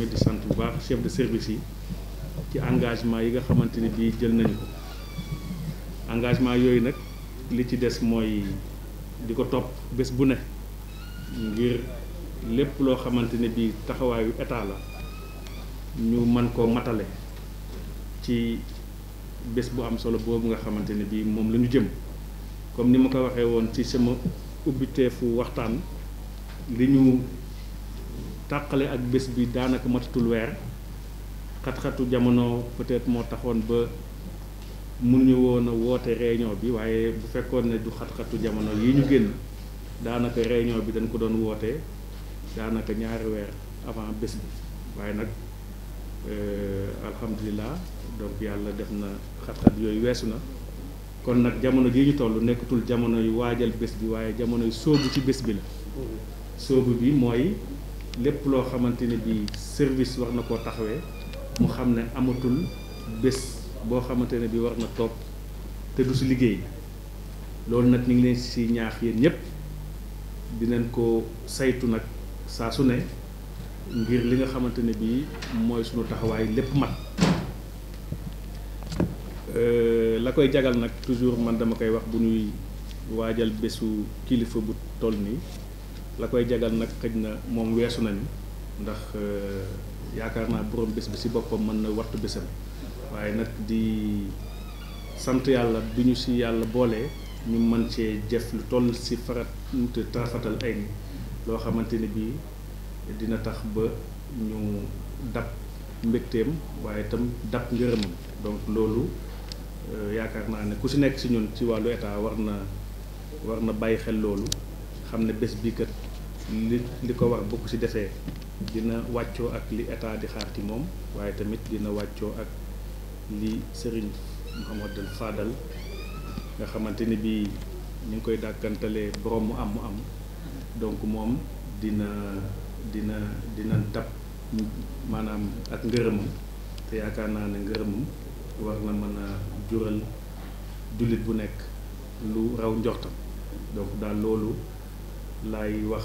tamit di sant bu baax chef de service yi ci engagement yi nga xamante ni bii jël nañu ko engagement yooyu nag li ci des mooy di ko topp bés bu ne ngir lépp loo xamante ne bii taxawaayu état la ñu mën koo matale ci bés bu am solo boobu nga xamante ne bii moom la ñu jëm comme ni ma ko waxee woon ci sama ubbiteefu waxtaan li ñu tàqale ak bés bi daanaka matatul weer xat-xatu jamono peut-être moo taxoon ba mënuñu woon a woote réunion bi waaye bu fekkoon ne du xat-xatu jamono yi ñu génn daanaka réunion bi dañ ko doon woote daanaka ñaari weer avant bés bi waaye nag euh, alhamdulilah donc yàlla def na xat-xat yooyu weesu na kon nag jamono jii ñu toll nekkatul jamono yu waajal bés bi waaye jamono yu sóobu ci bés bi la mm-hmm. sóobu bi mooy lépp loo xamante ni bi service war na koo taxawee mu xam ne amatul bés boo xamante ne bi war na toog te du si liggéey loolu nag ñu ngi leen si ñaax yéen ñëpp dinañ ko saytu nag saa su ne ngir li nga xamante ne bi mooy suñu taxawaay lépp mat euh, la koy jagal nag toujours man dama koy wax bu ñuy waajal bésu kilifa bu toll nii la koy jagal nag xëj na moom weesu nañu ndax euh, yaakaar naa borom bés bi si boppam mën na wattu bésam waaye nag di sant yàlla bi ñu si yàlla boolee ñu mën cee jëf lu toll si farat te tarafatal ay ni loo xamante ni bii dina tax ba ñu dab mbégteem waaye itam dab ngërëmam donc loolu euh, yaakaar naa ne ku si nekk si ñun ci wàllu état war na war na bàyyi xel loolu xam ne bés bii kat nit li ko wax bokk ko ci defee dina wàccoo ak li état di xaar ci moom waaye tamit dina wàccoo ak li Serigne Mouhamadou Fadal nga xamante ni bii ñu ngi koy dàkkantalee borom mu am mu am donc moom dina dina dina dab maanaam ak ngërëmam te yaakaar naa ne ngërëmam war na mën a jural jullit bu nekk lu raw njortam donc daal loolu laay wax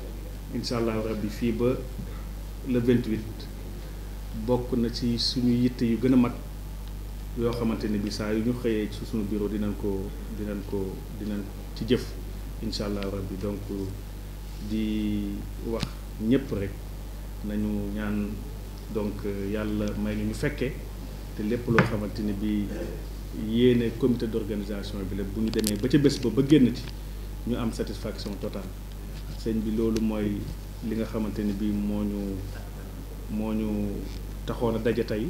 incha allahu rabbi fii ba le 28 bokk na ci suñu yitte yu gën a mag yoo xamante ne bi saa yu ñu xëyee ci suñu bureau dinañ ko dinañ ko dinañ ci jëf incha allahu rabbi donc di wax ñëpp rek nañu ñaan donc yàlla may nu ñu fekkee te lépp loo xamante ni bi yéene comité d'organisation bi la bu ñu demee ba ca bés ba ba génn ci ñu am satisfaction totale sëñ bi loolu mooy li nga xamante ni bii moo ñu moo ñu taxoon a daje tey